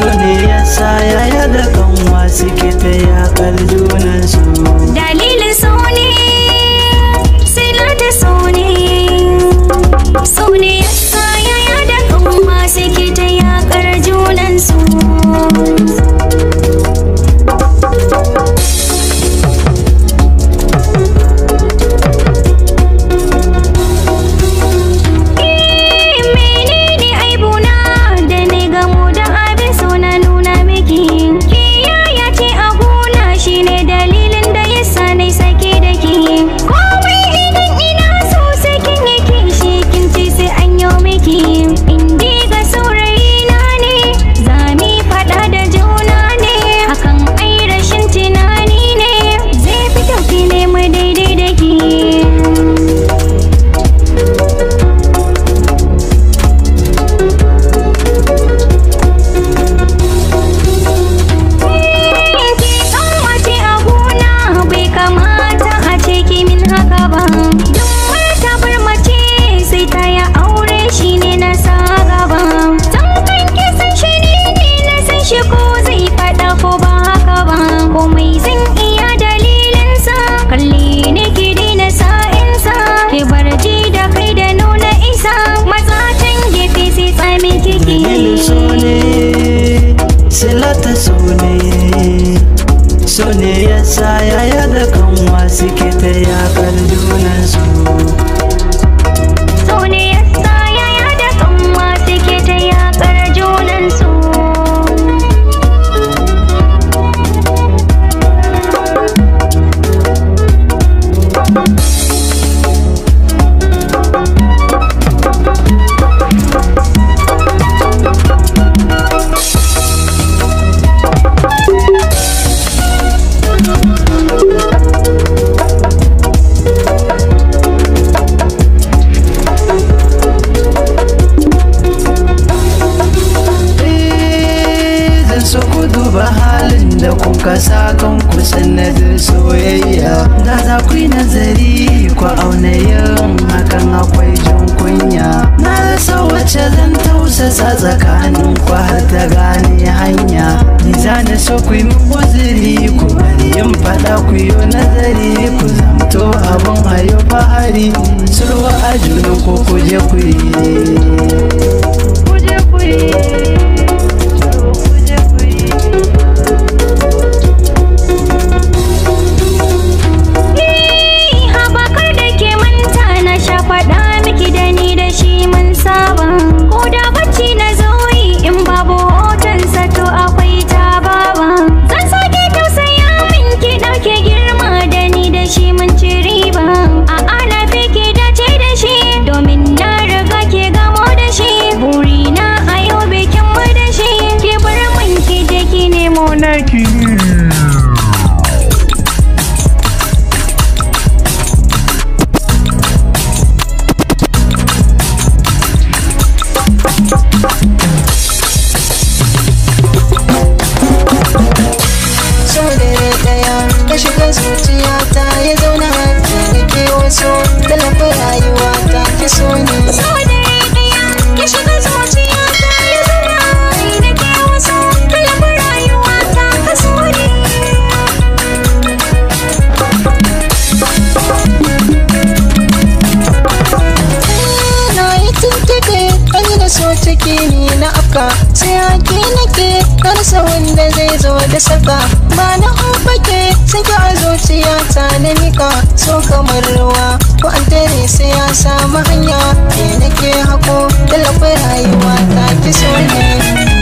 so ne yasa yaya da kanwa suke ta yakar junansu kasa kan ku da soyayya da za ku yi nazari ku auna yin hakan akwai jin kunya na rasa wace zan tausasa tsakanin ku har ta gane hanya ni za na so ku yi wuziri ku bari yin fada ku yi nazari ku zamto abin hayo fahari sulwa a junan ku kuje ku yi kuje saka sai ke nake kar wanda zai zo da saka ba na hoɓake saka a zuciya ta na nika so kamar ruwa ko an tare sai ya samu hanya ke nake hako da lafi rayuwa ta fi so ne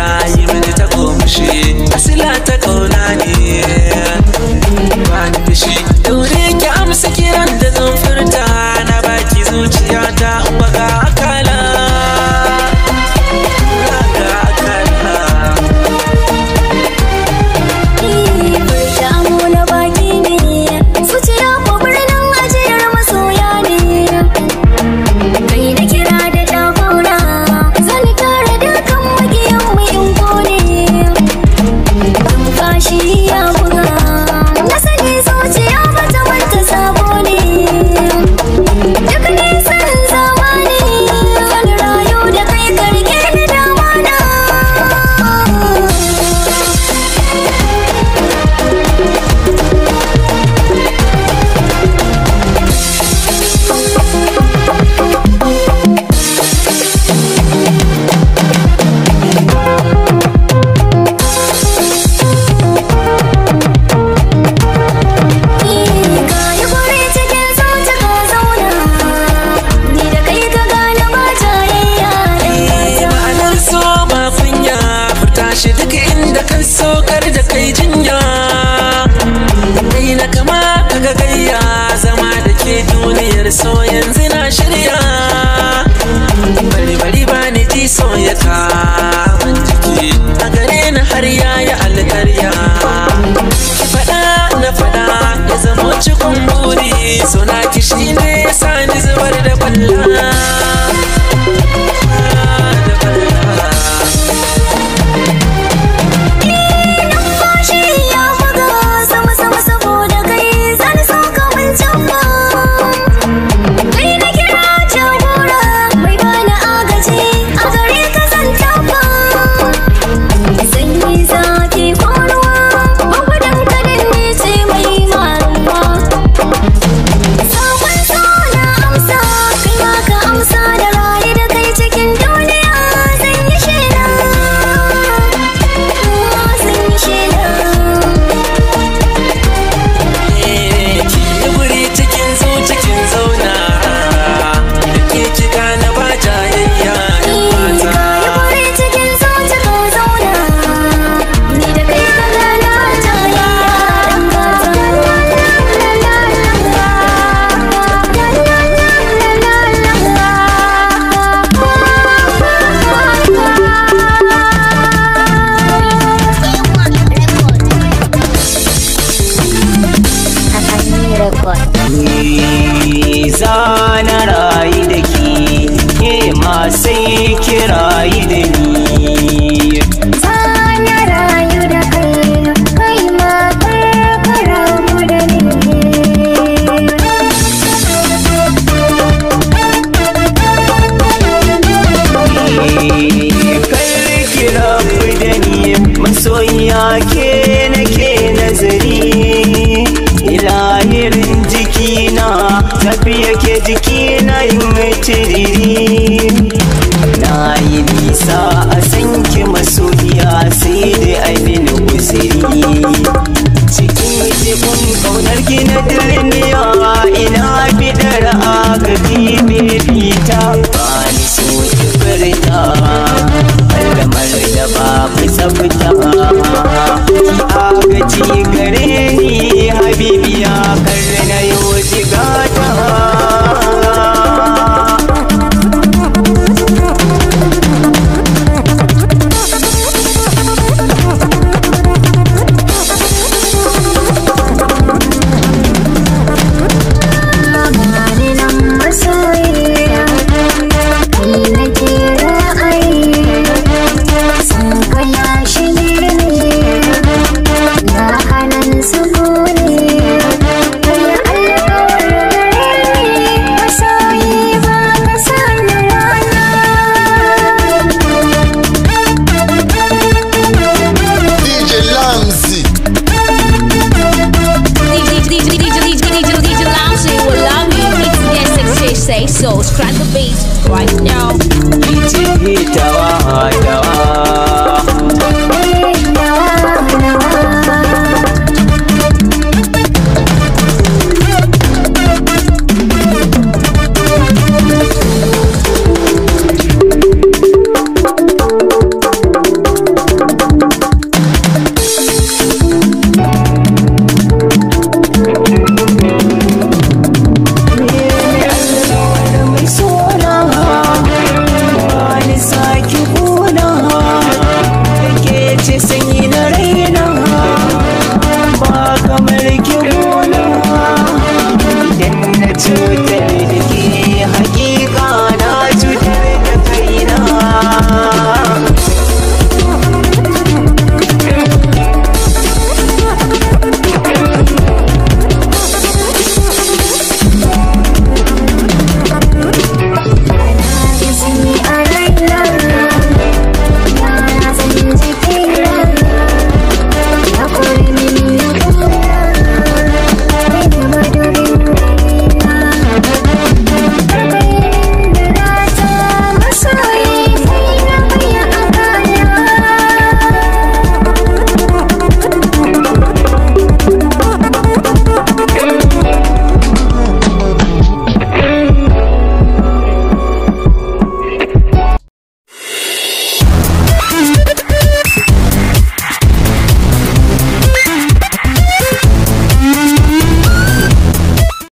¡Ay! so yanzu na shirya bari bani ji soyata a gare ni har yayi alkarya ki faɗa na faɗa ya zama cikin buri so na ki sani zubar da kwallon da fita ba ki gare